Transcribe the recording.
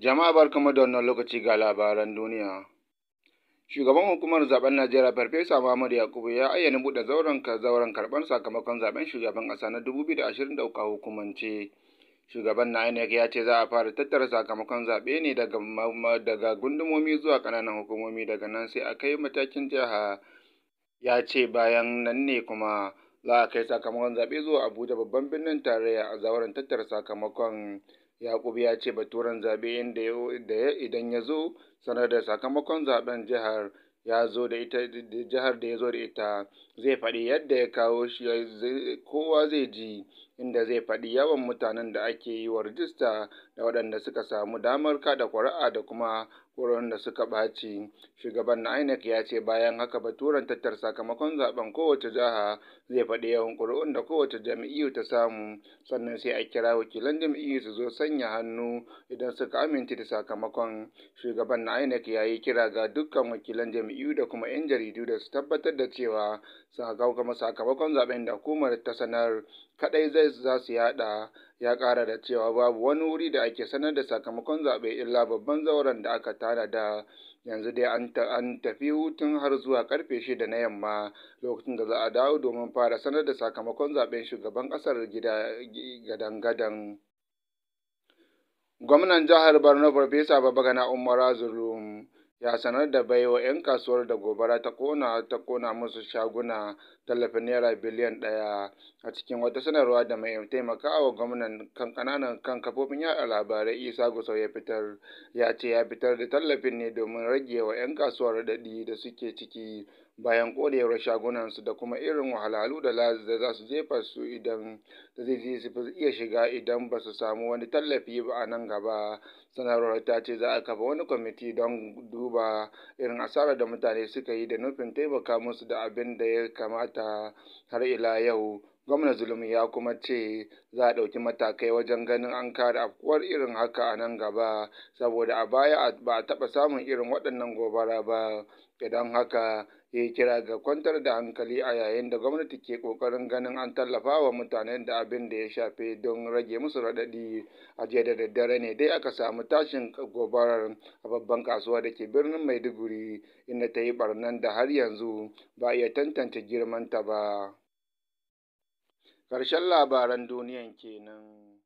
Jama'a barkanmu da wannan lokaci ga labaran duniya. Shugaban hukumar zaben Najeriya Farfesa Muhammadu Yakubu ya ayyana buɗe zauren zauren karɓar sakamakon zaben shugaban ƙasa na da a hukumance. Shugaban na INEC ya ce za a fara tattara sakamakon zaɓe ne daga daga gundumomi zuwa ƙananan hukumomi daga nan sai a kai matakin jiha. Ya ce bayan nan ne kuma za a kai sakamakon zaɓe zuwa Abuja babban birnin tarayya a zauren tattara sakamakon Yakubu ya ce baturen zaɓe idan ya zo sanar da sakamakon zaɓen jihar ya zo da ita jihar da ya zo da ita zai faɗi yadda ya kawo shi kowa zai ji. inda zai faɗi yawan mutanen da ake yi wa rijista da waɗanda suka samu damar kada ƙuri'a da kuma da suka ɓaci. Shugaban na INEC ya ce bayan haka baturan tattar sakamakon zaben kowace jiha zai faɗi yawan ƙuri'un da kowace jam'iyyu ta samu sannan sai a kira wakilan jam'iyyu su zo sanya hannu idan suka amince da sakamakon. Shugaban na INEC ya yi kira ga dukkan wakilan jam'iyyu da kuma 'yan jaridu da su tabbatar da cewa sakamakon zaben da hukumar ta sanar kaɗai zai za su yada, ya ƙara da cewa babu wani wuri da ake sanar da sakamakon zaɓe illa babban zauren da aka tara da yanzu dai an tafi hutun har zuwa karfe shida na yamma lokacin da za a dawo domin fara sanar da sakamakon zaben shugaban ƙasar gadan-gadan. Gwamnan jihar Borno Farfesa Babagana Umar azurum ya sanar da baiwa 'yan kasuwar da gobara ta kona ta kona musu shaguna tallafin naira biliyan ɗaya a cikin wata sanarwa da mai taimaka wa gwamnan kan kananan kan kafofin yada labarai isa gusau ya fitar ya ce ya fitar da tallafin ne domin rage wa 'yan kasuwar daɗi da suke ciki bayan ƙonewar shagunansu da kuma irin wahalhalu da za su jefa su idan da zai su iya shiga idan ba su samu wani tallafi ba a nan gaba sanarwar ta ce za a kafa wani kwamiti don duba irin asarar da mutane suka yi da nufin taimaka musu da abin da ya kamata har ila yau Gwamna Zulum ya kuma ce za a ɗauki matakai wajen ganin an kare afkuwar irin haka a nan gaba, saboda a baya ba a taɓa samun irin waɗannan gobara ba, idan haka ya kira ga kwantar da hankali a yayin da gwamnati ke ƙoƙarin ganin an tallafa wa mutanen da abin da ya shafe don rage musu raɗaɗi. A jiya da daddare ne dai aka samu tashin gobarar a babban kasuwa da ke birnin Maiduguri, inda ta yi ɓarnan da har yanzu ba a iya tantance girmanta ba. Ƙarshen labaran duniyan kenan.